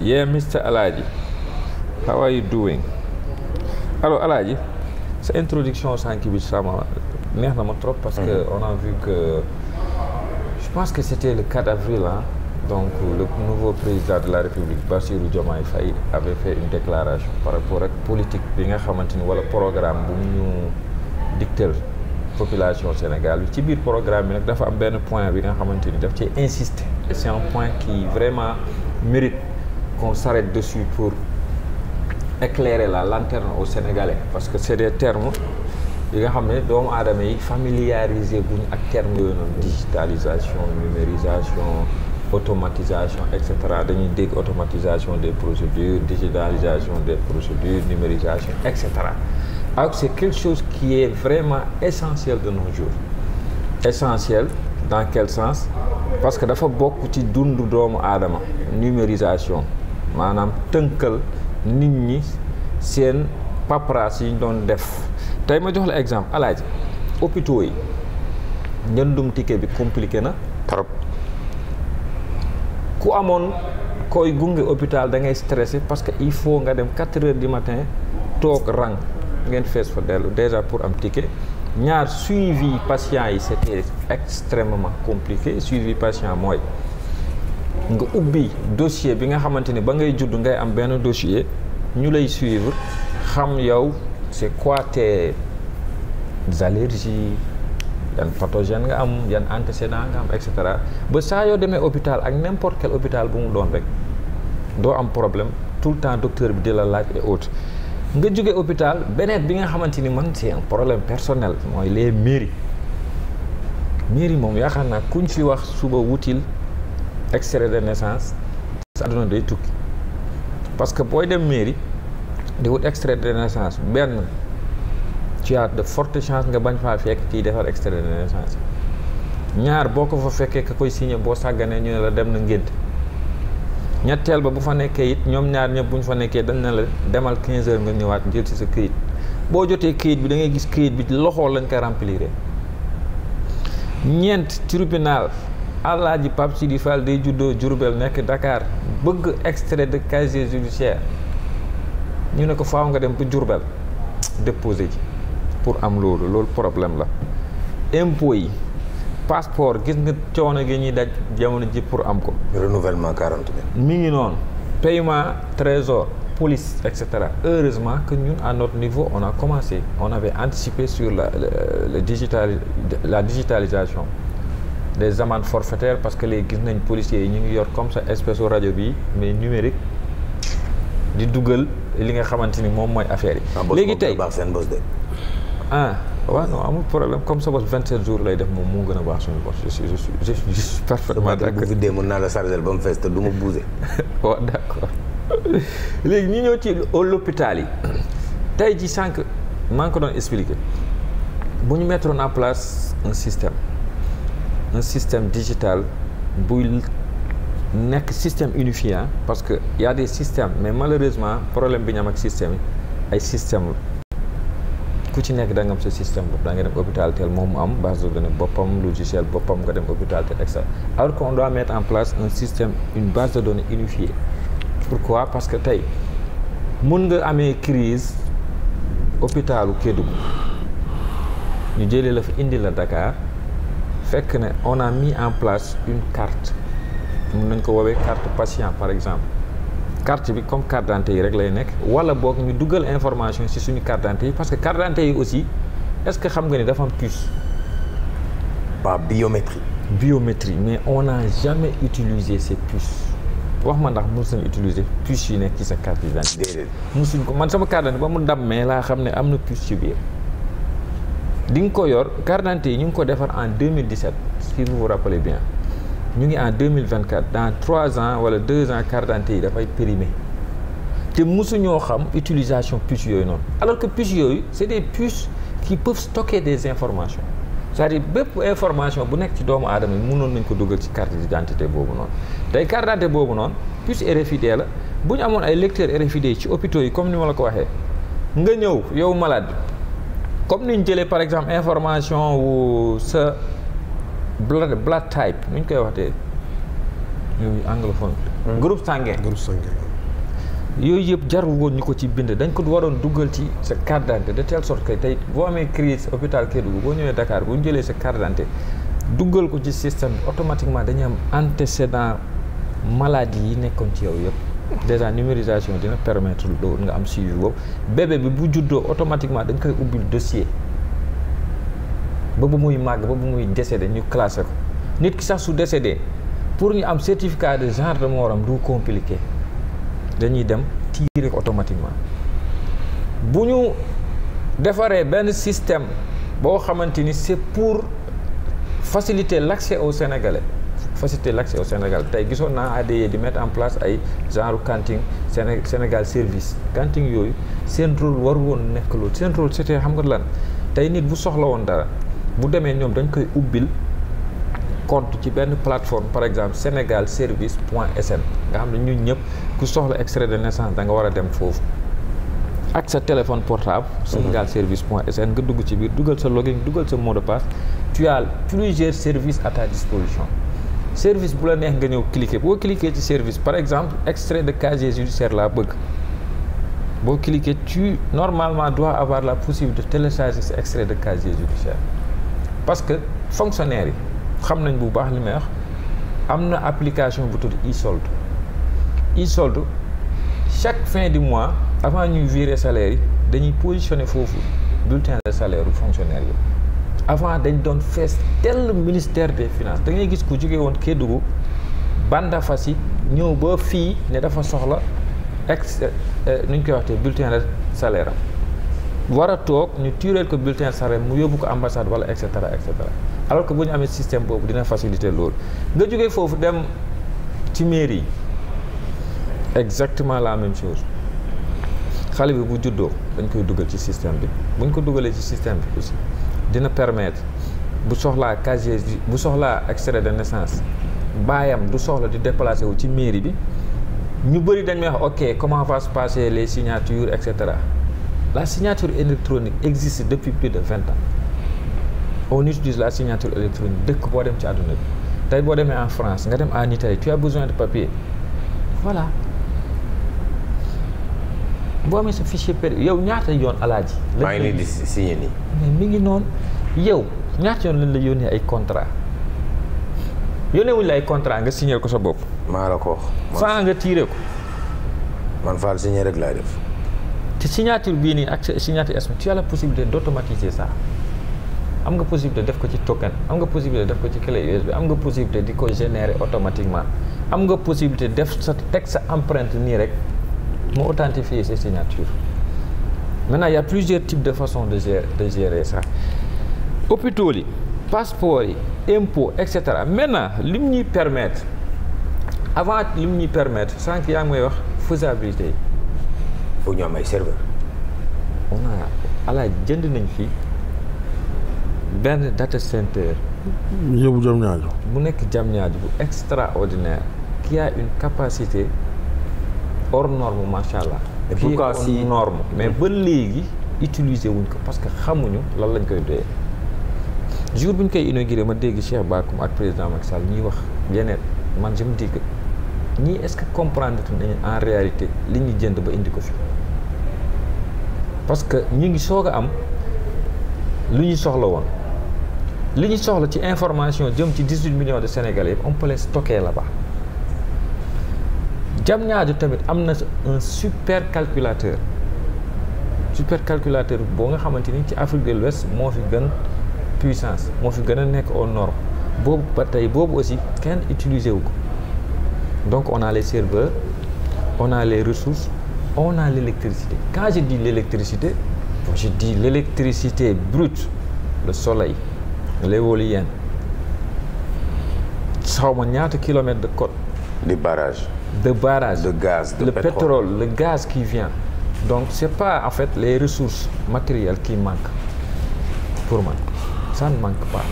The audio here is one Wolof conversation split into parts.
yeah Mr Alaaji how are you doing alors Alaaji sa introduction sànq bi sama neex na ma trop parce que mm -hmm. que je pense que c'était le 4 avril donc le nouveau président de la République Bassirou Diomaye Faye avait fait une déclaration par rapport ak politique bi nga xamante ni wala programme bu ñu dicter population Sénégal bi ci biir programme bi nag dafa am benn point bi nga xamante ni daf ci insister et c'est un point qui vraiment mérite qu'on s'arrête dessus pour éclairer la lanterne au Sénégalais parce que c'est des termes yi nga xam ne doomu adama yi familiariser guñ ak termes yooyu noonu digitalisation numérisation automatisation et cetera dañuy dégg automatisation des procédures digitalisation des procédures numérisation et cetera alors c'est quelque chose qui est vraiment essentiel de nos jours essentiel dans quel sens parce que dafa bokk ci dundu doomu aadama numérisation maanaam tënkal nit ñi seen paperasse yi ñu doon def tey ma jox la exemple alaaji hôpitaux yi njëndum ticket bi compliqué na trop ku amoon koy gunge hôpital da ngay stressé parce que il faut nga dem quatre heures du matin toog rang ngeen fees fa dellu déjà pour am ticket ñaar suivi patient yi c'était extrêmement compliqué suivi patient mooy nga ubbi dossier bi nga xamante ni ba ngay judd ngay am benn dossier ñu lay suivre xam yow c'est quoi tes allergies yan pathogène nga am yan antécédent nga am et cetera ba saa yoo demee hôpital ak n'importe quel hôpital bu mu doon rek doo am problème tout le temps docteur bi di la laaj et autres nga jóge hôpital beneen bi nga xamante ni man c'est un problème personnel mooy les mairies mairie moom yaakaar naa kuñ fi wax suba wutil extrait de naissance sa àdduna day tukki parce que booy dem mairie di wut extrait de benn ci as de fortes chance nga bañ faa fekk kii defar extrait de naissance ñaar boo ko fa fekkee ka koy signé boo sàgganee ñu ne la dem na ngénte ñetteel ba bu fa nekkee it ñoom ñaar ñëpp bu ñu fa nekkee dañ na la demal 15 heures nga ñëwaat jël ci sa këyit boo jotee këyit bi da ngay gis këyit bi loxo lañ ko remplir ñeent tribunal Alaaji Pape Sidi Fall day juddoo Diourbel nekk dakaar bëgg extrait de casier judiciaire ñu ne ko faw nga dem ba Diourbel déposé ji pour am loolu loolu problème la impôt yi passeport gis nga coono gi ñuy daj jamono ji pour am ko. renouvellement mi ngi noonu paiement trésor police et cetera heureusement que ñu à notre niveau on a commencé on avait anticipé sur la le, le digital la digitalisation. des amendes forfaitaires parce que léegi gis nañ policiers yi ñu ngi yor comme ça espèce rajo bi mais numérique di dugal li nga xamante ni moom mooy affaire yi. Ah, léegi tey ah waaw non amul problème comme sa bos 27 jours lay def moom moo gën a baax suñu bos je suis je suis je suis parfaitement d' accord. bu mën naa la chargé ba mu fees te du ma bougé. waaw oh, d' accord léegi ñu ñëw ci l'hôpital yi tey ji sànq maa ngi ko doon expliqué bu ñu mettre en place un système. un système digital buy nekk système unifié parce que y a des systèmes mais malheureusement problème bi ñu am ak système yi ay système la ku ci nekk da nga am sa système bopp da nga dem hôpital tel moom mu am base de données boppam logiciel boppam nga dem hôpital tel et cetera alors qu'on doit en place un système une base de données unifiée pourquoi parce que tey mun nga amee crise hôpitalu Kédougou ñu jëlee la fa indi la dakaar fekk ne on a mis en place une carte mun nañ ko woowee carte patient par exemple carte bi comme carte yi rek lay nekk wala boog ñu dugal information si suñu carte d'identité yi parce que carte d'identité yi aussi est-ce que xam nga ni dafa am puce ba biométrie biométrie mais on n'a jamais utilisé ces puces wax ma ndax mosuñ utiliser puce yi nekk ci sa carte d'identité mosuñ ko man sama carte d'identité ba mu dammee laa xam ne am na puce ci biir di nga ko yor carte d'identité yi ñu ngi ko defar en 2017 si vous vous rappelez bien ñu ngi en 2024 dans 3 ans wala 2 ans carte d'identité yi dafay périmer te mosuñoo xam utilisation puces yooyu noonu alors que puces yooyu c'est des puces qui peuvent stocker des informations cest à bépp information bu nekk ci doomu aadama yi mënoon nañ ko dugal ci carte d'identité boobu noonu tey carte d'identité boobu noonu puce RFID la bu ñu amoon ay lecteurs RFID ci hôpitaux yi comme ni ma la ko waxee nga ñëw yow malade comme ni ñu jëlee par exemple information wu sa blood blood type nu ñu koy waxtee yooyu anglophone. Hmm. groupe sanguin. groupe sanguin. yooyu yëpp jarul woon ñu ko ci bind dañ ko waroon duggal ci sa carte d'identité de telle sorte que tey boo amee crise hôpital Kédougou boo ñëwee dakaar bu ñu jëlee sa carte d'identité duggal ko ci système bi automatiquement dañu am antécédent maladie yi nekkoon ci yow yëpp. déjà numérisation dina permettre loolu nga am suivi boobu bébé bi bu juddoo automatiquement dañ koy ubbil dossier ba bu muy màgg ba bu muy décédé ñu classé ko nit ki sax su décédé pour ñu am certificat de genre de mort du compliqué dañuy dem tirer ko automatiquement bu ñu defaree benn système boo xamante ni c'est pour faciliter l'accès au Sénégalais faciliter l'accès au Sénégal tey gisoon naa ADE di mettre en place ay genre cantine Sénégal service cantine yooyu seen war woon nekk loolu seen rôle xam nga lan tey nit bu soxla woon dara bu demee ñoom dañ koy ubbil compte ci benn plateforme par exemple Sénégal service point sn nga xam ne ñun ñëpp ku soxla extrait de nessance da nga war a dem foofu ak sa téléphone portable mhm. Sénégal service point sn nga dugg ci biir dugal sa login dugal sa mot de passe tu as plusieurs services à ta disposition service bu la neex nga ñëw cliquer boo cliquer ci service par exemple extrait de casier judiciaire laa bëgg boo cliquer tu normalement dois avoir la possibilité de télécharger cet extrait de casier judiciaire parce que fonctionnaire yi xam nañ bu baax li may am na application bu tudd e-solde e-solde chaque fin du mois avant ñuy virer salaire yi dañuy positionner foofu bulletin de salaire u fonctionnaire yi avant dañ doon fees tel ministère des finance da ngay gis ku jóge woon Kédougou Bandafassi yi ñëw ba fii ne dafa soxla ex eh, eh, nu ñu koy waxtee bulletin de salaire am war a toog ñu tureel ko bulletin de salaire mu yóbbu ko ambassade wala et cetera et cetera alors bu ñu amee système boobu dina facilité loolu nga jógee foofu dem ci mairie yi exactement la même chose xale bi bu juddoo dañ koy dugal ci système bi buñ ko dugalee ci système bi aussi dina permettre bu soxlaa casier bu soxlaa extrait de naissance baayam du soxla di déplacé wu ci mairie bi ñu bëri dañ may wax ok comment va se les signatures et cetera la signature électronique existe depuis plus de vingt ans on utilise la signature électronique dëkk boo dem ci àdduna bi tey boo demee en France nga dem en Italie tu as besoin de papier voilà. boo amee sa fichier périodique yow ñaata yoon ji maa ngi leen di signé nii. mais mi ngi noonu yow ñaata yoon lañ la yónnee ay contrat yónnee wuñ la ay contrat nga signé ko sa bopp. maa la ko wax. faa nga tiiree ko. man Fall signé rek laay def. te signature bii nii ak signature est tu as la possibilité d' automatiser am nga possibilité def ko ci token am nga possibilité def ko ci clé USB am nga possibilité di ko générer automatiquement am nga possibilité def sa teg sa empreinte nii rek. mu authentifier ses signatures maintenant il y a plusieurs types de façon de gérer de gérer ça hôpitaux yi passeport yi impôt et cetera maintenant lim ñuy permettre avant mu ñuy permettre sànq yaa ngi may wax faisabilité yi. foofu ñu ay serveur on a ala jënd nañ fi benn data center. yóbbu Diamniadio. mu nekk Diamniadio bu extraordinaire qui a une capacité. hors norme macha allah. fii si norme mais ba léegi utiliser wuñ ko parce que xamuñu lan lañ koy doyee. jour bu ñu koy inauguré ma dégg Cheikh Bakhoum ak président Macky Sall ñuy wax yeneen man je me dis que ñii est-ce que comprendre nañu en réalité li ñu jënd ba indi ko fi. parce que ñu ngi soog a am lu ñuy soxla woon li ñuy soxla ci information jëm ci 18 millions de Sénégalais on peut les stocker là-bas. jam ju tamit am na un super calculateur super calculateur boo nga xamante ni ci Afrique de l'Ouest moo fi gën puissance moo fi gën a nekk au nord boobu ba tey boobu aussi kenn utilisé wu ko donc on a les serveurs on a les ressources on a l'électricité quand je dis l'électricité je dis l'électricité brute le soleil l'éolienne xaw ma ñaata kilomètres de côte les barrages. de barrages de gaz le pétrole. pétrole le gaz qui vient donc c'est pas en fait les ressources matérielles qui manque pour man ça manque pas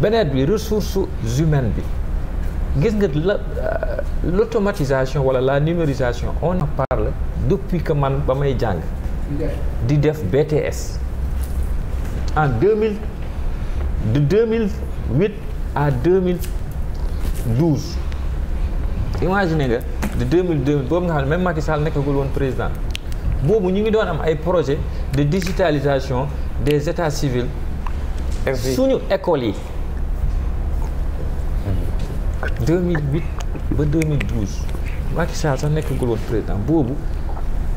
beneen bi ressource humaine bi gis nga la euh, l'automatisation wala la numérisation on en parle depuis que man ba may jàng di def BTS en 2000 de 2008 à 2012 imagine nga de 2000 2000 boobu nga xam ne même Macky Sall nekkagul woon président boobu ñu ngi doon am ay projet de digitalisation des états civils suñu écoles yi 2008 ba 2012 Macky Sall sax nekkagul woon président boobu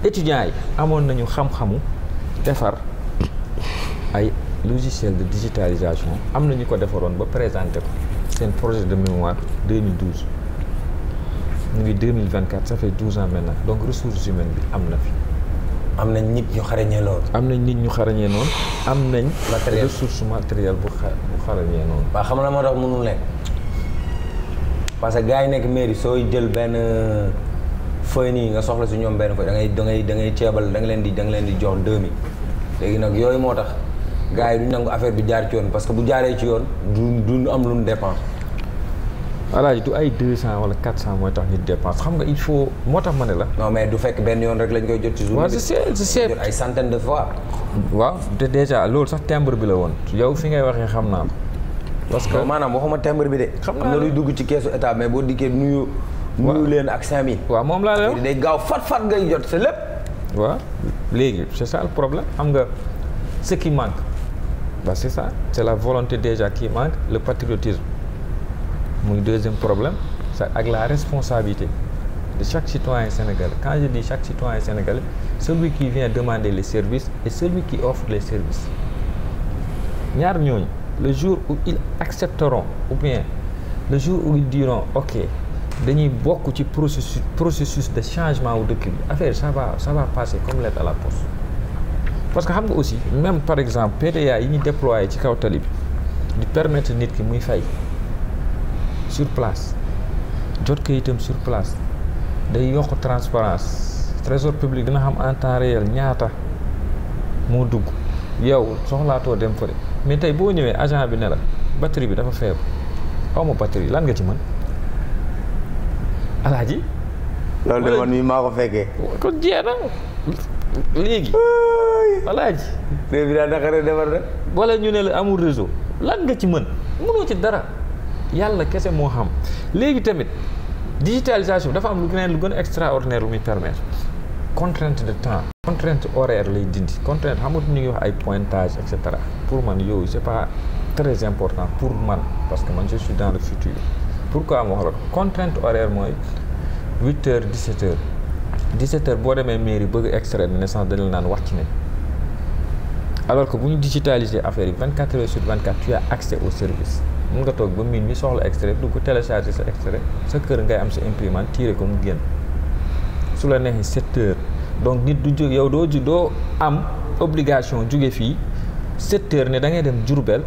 étudiants yi amoon nañu xam-xamu defar ay logiciel de digitalisation am nañu ko defaroon ba présenté ko seen projet de mémoire 2012 ñu ngi 2024 ça fait 12 ans maintenant donc ressources humaines bi am na fi. am nañ nit ñu xarañee am nañ nit ñu xarañee noonu. am nañ. matériel ressource matériel bu xa bu xarañee noonu. waaw xam la moo tax mënul nekk parce que gars yi nekk mairie sooy jël benn euh, feuille nii nga soxla si ñoom benn feuille da ngay da ngay da ngay ceebal da leen di da leen di jox 2000 léegi nag yooyu moo tax gars yi duñ nangu affaire bi jaar ci yoon parce que bu jaaree ci yoon du du am lu mu dépense. alaaji du ay deux cent wala quatre cent mooy tax ñu dépense xam nga il faut moo tax ma ne la. non mais du fekk benn yoon rek lañ koy jot ci jour. waaw c'est c'est ay centaine de fois. waaw te déjà loolu sax timbre bi la woon. yow fi ngay waxee xam naa ko. parce que maanaam waxuma timbre bi de. xam nga am na luy dugg ci keesu état mais boo dikkee nuyu. nuyu leen ak 5000. waaw moom laa de wax gaaw fat fat ngay jot sa lépp. waaw léegi c'est ça le problème xam nga ce qui manque. waaw c'est la volonté déjà qui le patriotisme. muy deuxième problème c'est ak la responsabilité de chaque citoyen sénégalais quand je dis chaque citoyen sénégalais celui qui vient demander les services et celui qui offre les services ñaar ñooñu le jour où ils accepteront ou bien le jour où ils diront ok dañuy bokk ci processus processus de changement wu dëkk bi affaire ça va ça va passer comme lettre à la poste parce que xam nga aussi même par exemple PDA yi ñu déployé ci kaw tali bi di permettre nit ki muy fay sur place jot kayitam sur place day yokk transparence trésor public dana xam en temps réel ñaata moo dugg yow soxlaatoo dem fële mais tey boo ñëwee agent bi ne la batterie bi dafa faible xaw ma batterie lan nga ci mën alaaji loolu de man mii maa ko fekkee kon jeex na léegi alaaji réew bi daa naqaree defar rek wala ñu ne la amul réseau lan nga ci mën mënoo ci dara yàlla kese moo xam léegi tamit digitalisation dafa am lu gën lu gën a extraordinaire lu muy permettre contrainte de temps contrainte horaire lay dindi contrainte xam nga ñu ngi wax ay pointage et cetera pour man yooyu c'est pas très important pour man parce que man je suis dans le futur pourquoi ma wax la contrainte horaire mooy huit heures dix sept dix sept boo demee mairie bëgg extrait de naissance dañ la naan wàcc nañ alors que bu ñu digitaliser affaire yi vingt quatre heures sur vingt quatre tu as accès au service mun nga toog ba miin bi soxla extrait du ko télécharger sa extrait sa kër ngay am sa imprimante tiré ko mu génn su la neexee sept heures donc nit du jóg yow doo ju doo am obligation jóge fii sept ne da ngay dem Diourbel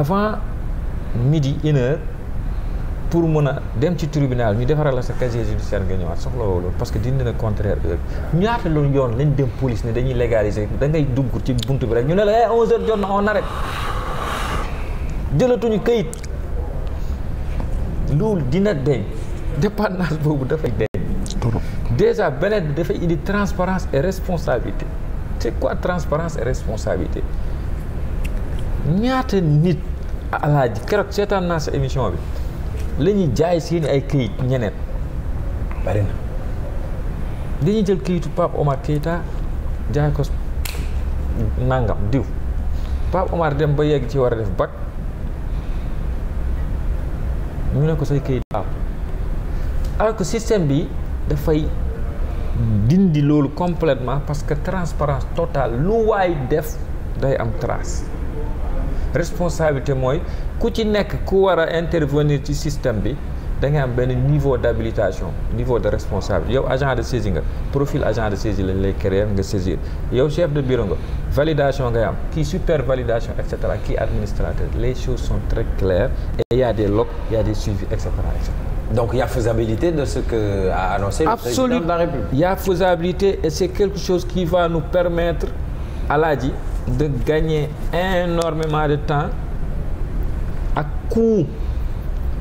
avant midi une heure pour mën a dem ci tribunal ñu defaral la sa casier judiciaire nga ñëwaat soxla woo loolu parce que dindi na contraire heure ñaata loolu yoon lañ dem police ne dañuy légaliser da ngay dugg ci buntu bi rek ñu ne la eh na on jëlatuñu kayit loolu dina deñ dépendance boobu dafay deñ déjà beneen bi dafay indi transparence et responsabilité c'est quoi transparence et responsabilité ñaata nit alaaji keroog seetaan naa sa émission bi la ñuy jaay seeni ay kayit ñeneen bari dañuy jël këyitu Pape Omar Keita jaay ko nangam diw Pape Omar dem ba yegg ci war a def bac mu ne ko say këyit baaxul alors ah. que ah, système bi dafay dindi loolu completement parce que transparence totale lu waay def day am trace responsabilité mooy ku ci nekk ku war a intervenir ci système bi da ngay am benn niveau d' habilitation niveau de responsable yow agent de saisie nga profil agent de saisie lañ lay créer nga saisir yow chef de bureau nga validation ngay am kii super validation et cetera kii administrateur les choses sont très claires et y a des logs y a des suivis et donc il y a de ce que a annoncé Absolument. le président de la République. et c'est quelque chose qui va nous permettre Alaaji de gagner énormément de temps ak coût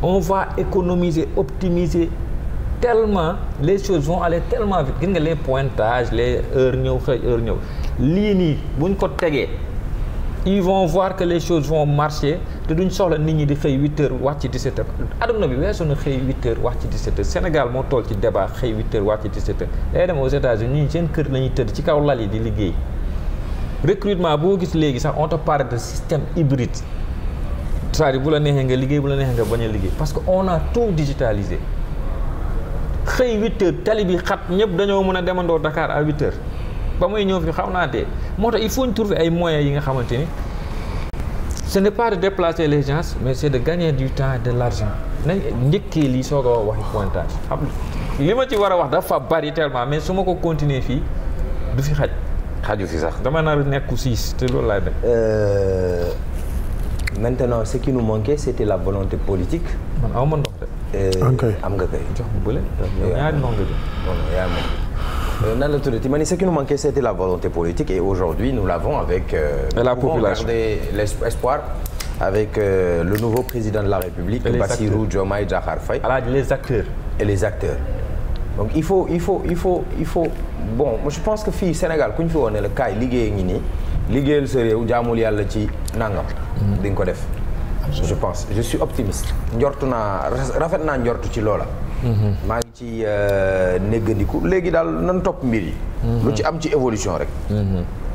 on va économiser optimiser tellement les choses vont aller tellement vite gis nga les pointages les heures ñëw xëy heure ñëw lii nii buñ ko tegee ils vont voir que les choses vont marcher te duñ soxla nit ñi di xëy 8 heures wàcc 17 heures adduna bi weesu na xëy 8 heures wàcc 17 heures Sénégal moo toll ci débat xëy 8 heures wàcc 17 heures day dem aux États-Unis seen kër la ñuy tëdd ci kaw lal yi di liggéey recrutement boo gis léegi sax on te parle de système hybride c'est-à-dire bu la neexee nga liggéey bu la neexee nga bañ liggéey parce que on a tout digitalisé xëy 8 tali bi xat ñëpp dañoo mën a demandoo Dakar à 8 ba may ñëw fi xaw naa tee moo tax il faut ñu trouver ay moyens yi nga xamante ni ce n'est pas de déplacer les gens mais c'est de gagner du temps et de l'argent nañ njëkkee lii soog a waxi pointage li ma ci war a wax dafa bari tellement mais su ma ko continuer fii du fi xaj xaju fi sax dama nar nekku siis te loolu maintenant ce qui nous manquait c'était la volonté politique. man aw ma ndox de. Euh, am nga kay jox ma bële. Euh, yaa ndox nga yaa euh, nan la tuddati ma ni ce qui nous manquait c'était la volonté politique et aujourd'hui nous l'avons avec. Euh, et la population garder l'espoir avec euh, le nouveau président de la République. et les Bassirou Diomaye Diakhar Faye. alors les acteurs. et les acteurs donc il faut il faut il faut il faut bon je pense que fii Sénégal ku ñu fi woon ne la kaay liggéey ngi nii. liggéeyal sa réew jaamul yàlla ci nangam. Mm. di nga ko def. je pense je suis optimiste. njortu na rafet naa njortu ci loola. Mm-hmm. maa ngi ci euh, négandiku léegi daal na topp mbir yi. Mm-hmm. lu ci am ci évolution rek. Mm-hmm.